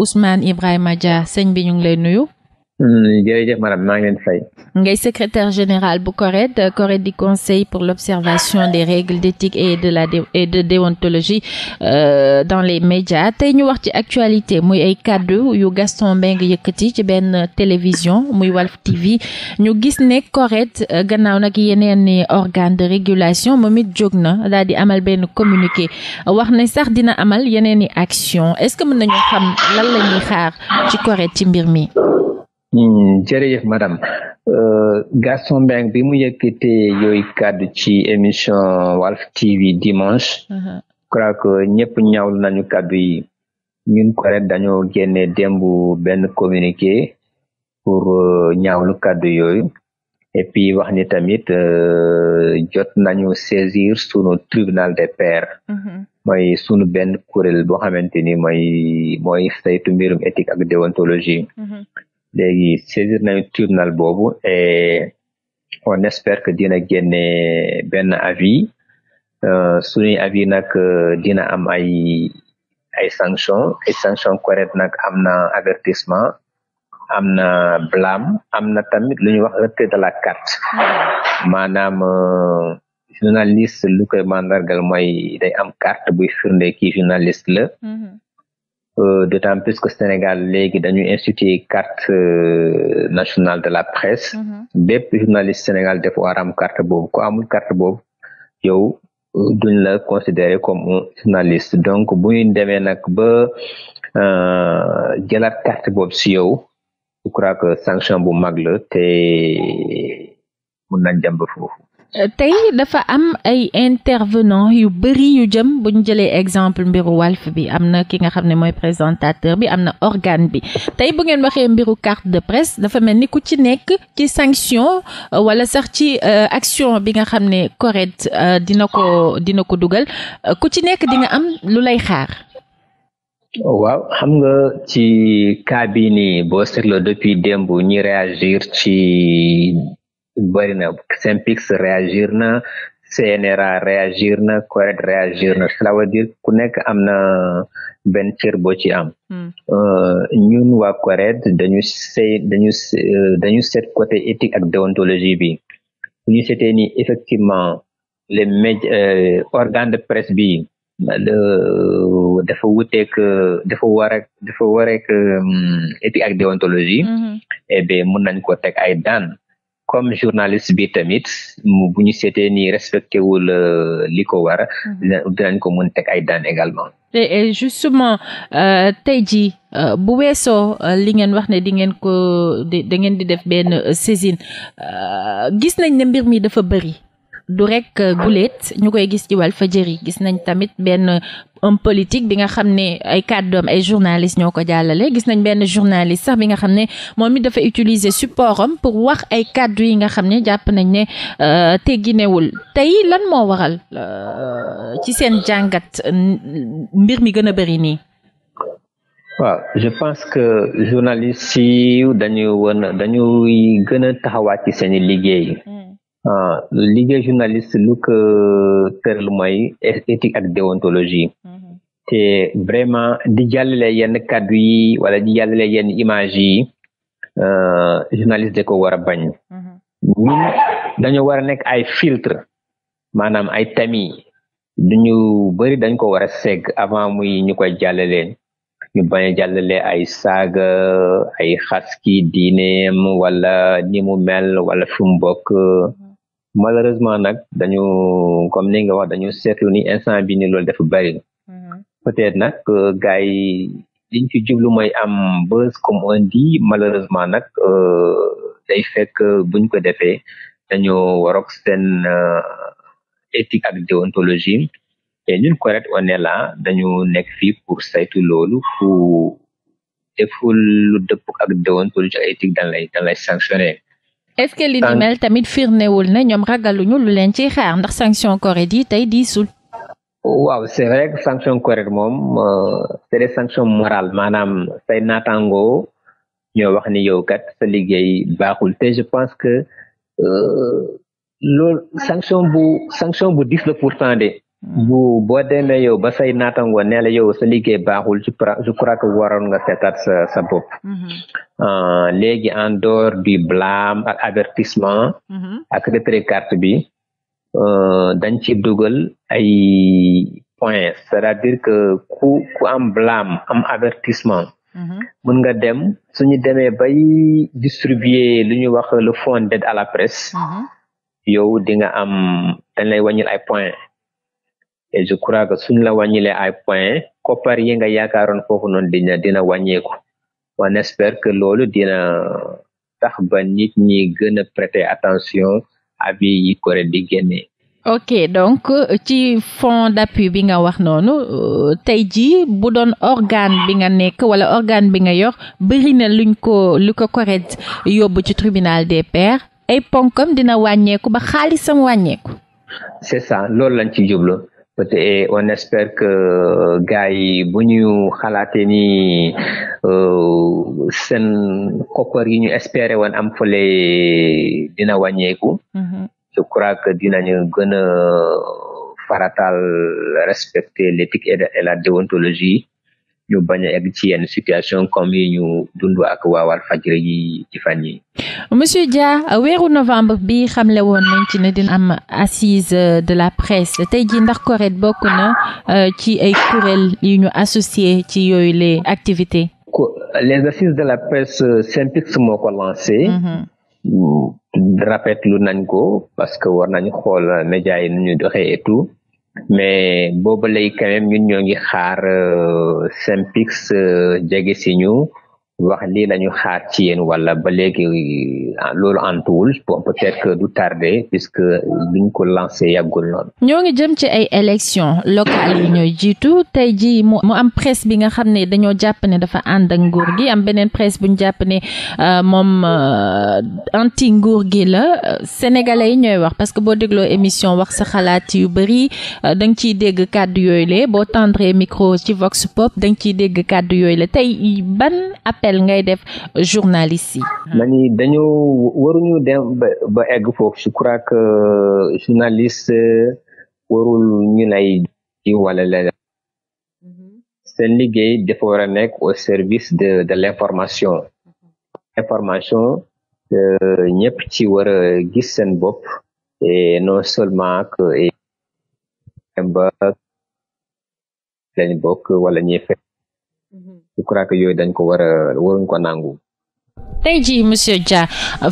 Ousmane Ibrahima Dia sëñ bi ñu ngi lay nuyu. jërëjëf hmm, madame ngay secrétaire général bu CORED euh, CORED di conseil pour l'observation des règles d'éthique et de la et de déontologie euh, dans les médias tey ñu wax ci actualité muy ay kàddu yu Gaston Mbengue yëkkati ci benn télévision muy Walf TV ñu gis ne CORED euh, gannaaw nag yeneen ni organe de régulation moom it jóg na daal di amal benn communiqué wax ne sax dina amal yeneen i action est-ce que mën nañu xam lan la ñuy xaar ci CORED ci mbir mi. Hmm, jërëjëf madame euh, Gaston Mbengue bi mu yëkkatee yooyu kàddu ci émission Walf TV dimanche uh-huh. crois que ñëpp ñaawlu nañu kàddu yi ñun ko rek dañoo génne démb benn communiqué pour euh, ñawlu kàddu yooyu et puis wax ni tamit euh, jot nañu saisir sunu tribunal des pairs uh-huh. mooy sunu benn kuréel boo xamante ni mooy mooy saytu mbirum éthique ak déontologie uh-huh. léegi saisir nañu tribunal boobu et on espère que dina génne benn avis euh, suñuy avis nag euh, dina am ay ay sanction ay sanction correct nag am na avertissement am na blâme am na tamit lu ñuy wax retrait de la carte maanaam euh, journaliste lu koy mandargal mooy day am carte buy firnde kii journaliste la mm-hmm. Euh, d'autant plus que Sénégal léegi dañu instituer carte euh, nationale de la presse mm-hmm. bépp journaliste Sénégal def war am carte boobu ku amul carte boobu yow euh, duñ la considérer comme un journaliste donc bu ñu demee nag ba jëlaat carte boobu si yow je crois que sanction bu mag la te mun nañ jàmb Euh, tey dafa am ay intervenant yu bëri yu jëm bu jëlee exemple mbiru Walf bi am na ki nga xam ne mooy présentateur bi am na organe bi tey bu ngeen waxee mbiru carte de presse dafa mel ni ku ci nekk ci sanction euh, wala sax ci euh, action bi nga xam ne correct dina ko dina ko dugal ku ci nekk di nga am lu lay xaar oh, waaw xam nga ci cas bii nii boo seetloo depuis démb ñi réagir ci bëri na Synpics réagir na CNRA réagir na COED réagir na cela dire ku nekk am na benn cër boo ci am hmm. ñun uh, waa COED dañu sey dañu dañu seet uh, côté éthique ak déontologie bi ñu seetee ni effectivement le médias uh, organe de presse bi dafa wuteek dafa war ak war ak éthique ak déontologie hmm. eh mun nañ ko teg ay daan comme journaliste bi tamit bu ñu seetee ni respecté wul euh, li ko war mhm. dinañ ko mun teg ay daan également et justement euh, tey jii euh, bu weesoo li ngeen wax ne di ngeen ko da ngeen di def benn saisine gis nañ ne mbir mi dafa bëri du rek guléet ñu koy gis ci wal fa Walfadjri gis nañ tamit benn homme politique bi nga xam ne ay kàddoom ay journaliste ñoo ko jàllale gis nañ benn journaliste sax bi nga xam ne moom it dafa utiliser support am pour wax ay kàddu yi nga xam ne jàpp nañ ne euh, tegginewul tey lan moo waral euh, ci seen jàngat mbir mi gën a bëri nii. waaw je pense que journaliste yi dañuy woon dañuy gën a taxawaat ci seen liggéey. Hmm. Ah, liggéey journaliste lu ko tëral mooy éthique ak déontologie. te vraiment di jàllale yenn kàddu yi wala di jàllale yenn image yi euh, journaliste de ko war a bañ mhm. ñun dañu war a nekk ay filtre maanaam ay tami ñu bëri dañ ko war a segg avant muy ñu koy jàllaleen ñu bañ a ay saaga ay xaski diineem wala ni mu mel wala fi mu bokk mhm. malheureusement nag dañu comme ni nga wax dañu seetlu ni instant bi ni loolu dafa bari peut-être nag gars yi liñ ci jublu mooy am buzz comme on dit malheureusement nag euh, day fekk buñ ko defee dañoo warok seen euh, éthique ak déontologie et ñun correct on est dañu nekk fii pour saytu loolu fu deful lu dëpp ak déontologie ak éthique dañ est-ce que li tamit firnewul ne ñoom ragaluñu lu leen ciy xaar ndax sanction corée yi tey diisul waaw c' est vrai que sanction correcte moom euh, c' est des sanctions morales maanaam say naataangoo ñoo wax ni yow kat sa liggéey baaxul te je pense que euh, loolu sanction bu sanction bu dix la pourtant de bu boo demee yow ba say naataangoo nee la yow sa liggéey baaxul je crois je crois que waroon nga seetaat sa sa bopp mm-hmm. euh, en dehors du blâme avertissement mm-hmm. ak retrait carte bi Euh, dañ ci dugal ay points c'est-à-dire que ku ku am blâme am avertissement mm-hmm. mën nga dem suñu demee bay distribuer lu ñu wax le fonds d'aide à la presse mm-hmm. yow di nga am dañ lay wàññil ay points et je crois que suñ la wàññilee ay points koppar yi nga yaakaaroon foofu noonu dina dina wàññeeku on espère que loolu dina tax ba nit ñi gën a prêter attention avis yi CORED di génnee ok donc euh, ci fonds d'appui bi nga wax noonu euh, tey jii bu doon organe bi nga nekk wala organe bi nga yor bëri na luñ ko lu ko CORED yóbbu ci tribunal des pairs ay ponkam dina wàññeeku ba xaalisam wàññeeku c'est ça loolu lañ ci jublu peut-être eh, on espère que euh, gars yi bu ñu xalaatee ni seen koppar yi ñu espérer woon am fële dina wàññeeku mhm. je crois que dinañu gën a faratal respecter l'éthique et la déontologie ñu bañ a egg ci yenn situation comme yi ñu dund ak waawal fajre yi ci fan yi Monsieur Dia weeru novembre bi xamle woon nañ ci ne dina am assise de la presse tey ji ndax CORED bokk na euh, ci ay kuréel yu ñu associé ci yooyu les activités les assises de la presse euh, SYNPICS moo ko lancé. Mm-hmm. Mm, rafetlu nañ ko parce que war nañ xool médias yi nu ñuy doxee tu mais booba lay quand même ñun ñoo ngi xaar euh, SYNPICS euh, jege si ñu. wax lii la ñu xaar ci yéen walla ba léegi ah, loolu antuwul bon peut-être que du tardé puisque luñ ko lancé yàggul noonu. ñoo ngi jëm ci ay élections locales yi ñooy jiitu tey jii mu am presse bi nga xam ne dañoo jàpp ne dafa ànd ak nguur gi am beneen presse bu ñu jàpp ne euh, moom euh, anti nguur gi la sénégalais yi ñooy wax parce que boo dégloo émission wax sa xalaat yu bëri euh, da ciy dégg kàddu yooyu le boo tendre micro ci Vox Pop da ciy dégg kàddu yooyu la tey ngay def journaliste yi. mani dañu waruñu dem ba egg foofu je crois que euh, journaliste euh, warul lay wala leneen seen liggéey dafa war au service de de l'information information euh, ñëpp ci war a gis seen bopp non seulement que ba lañ bokk wala ñuy je crois yooyu dañ ko war a waruñ ko nangu. tey jii monsieur Dia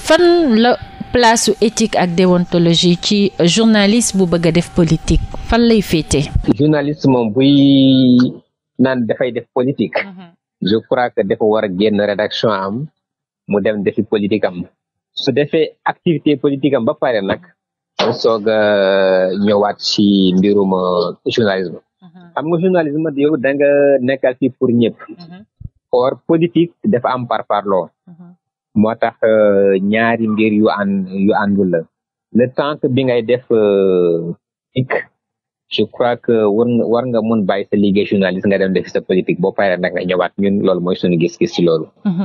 fan la place éthique ak déontologie ci journaliste bu bëgg a def politique fan lay féete. journaliste moom buy naan dafay def politique. Mhm. je crois que dafa war a génn rédaction am mu dem defi politique am su defee activité politique am ba pare nag soog a ñëwaat ci mbirum journalisme. Uh-huh. xam nga journalisme yow da nga nekkal pour ñëpp. Uh-huh. or politique dafa am par parloo. Uh-huh. moo tax euh, ñaari mbir yu ànd yu àndul le temps que bi ngay def euh, ik je crois que war nga war nga mun bàyyi sa liggéey journaliste nga dem defi sa politique boo paree nag nga ñëwaat ñun lool mooy suñu gis-gis ci loolu. Mhm.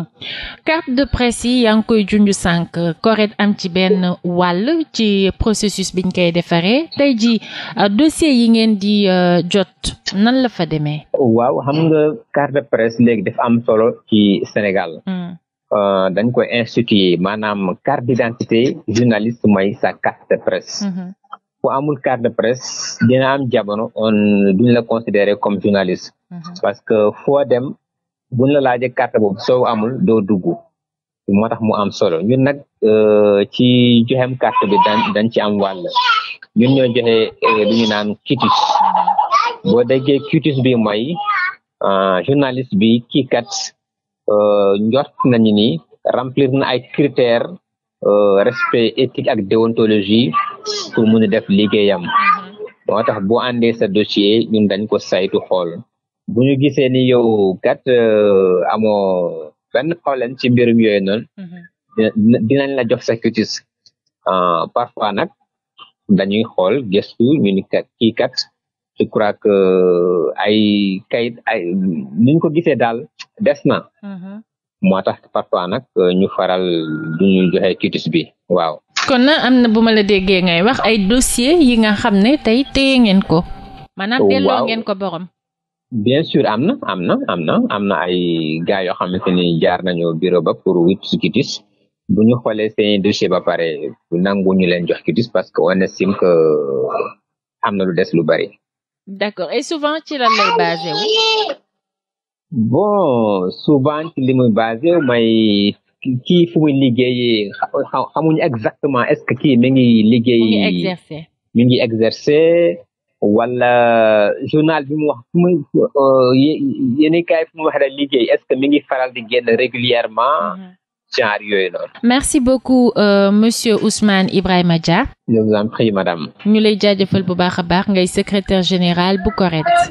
carte de presse yi yaa ngi koy junj sànq CORED am ci benn wàll ci processus biñ koy defaree tey jii euh, dossier yi ngeen di euh, jot nan la fa demee. waaw xam nga carte de presse léegi def am solo ci Sénégal. Hmm. Euh, dañ koy instituer maanaam carte d'identité journaliste mooy sa carte de presse. Mhm. ku amul carte de presse dina am jamono on duñ la considérer comme journaliste mm-hmm. parce que foo dem buñ la laajee carte boobu soo amul doo duggu moo tax mu am solo ñun nag euh, ci joxem carte bi dan dañ ci am wàll ñun ñoo joxe euh, lu ñu naan quitus mm-hmm. boo déggee quitus bi mooy euh, journaliste bi kii kat njort nañu ni remplir na ay critères respect éthique ak déontologie pour mun a def liggéeyam moo tax bu àndee sa dossier ñun dañ ko saytu xool bu ñu gisee ni yow kat euh, amoo benn problème ci mbirum yooyu noonu dinañ la jox sa cutis euh, parfois nag dañuy xool gëstu ñu ni kat kii kat je crois que euh, ay kayit ay ni ko gisee daal des na mm-hmm. moo tax parfois nag euh, ñu faral du ñu joxe quitus bi waaw. kon na am na bu ma la déggee ngay wax ay dossier yi nga xam ne tey téye ngeen ko. maanaam delloo ngeen ko borom. bien sur am na am na am na am na ay gars yoo xamante ni jaar nañu bureau ba pour wut si quitus bu ñu xoolee seen dossier ba pare nangu ñu leen jox quitus parce que on estime que am na lu des lu bari. d'accord et souvent ci lan lay bon souvent ci li muy basé may kii fu muy liggéeyee xamuñu exactement est-ce que kii mi ngi liggéey mi ngi exercer wala journal bi mu wax fu muy euh, yéen kaay fu wax rek liggéey est-ce que mi ngi faral di génn régulièrement mm-hmm. genre yooyu noonu merci beaucoup euh, monsieur Ousmane Ibrahima Dia je vous en prie madame ñu lay jaajëfal bu baax a baax ngay secrétaire général bu CORED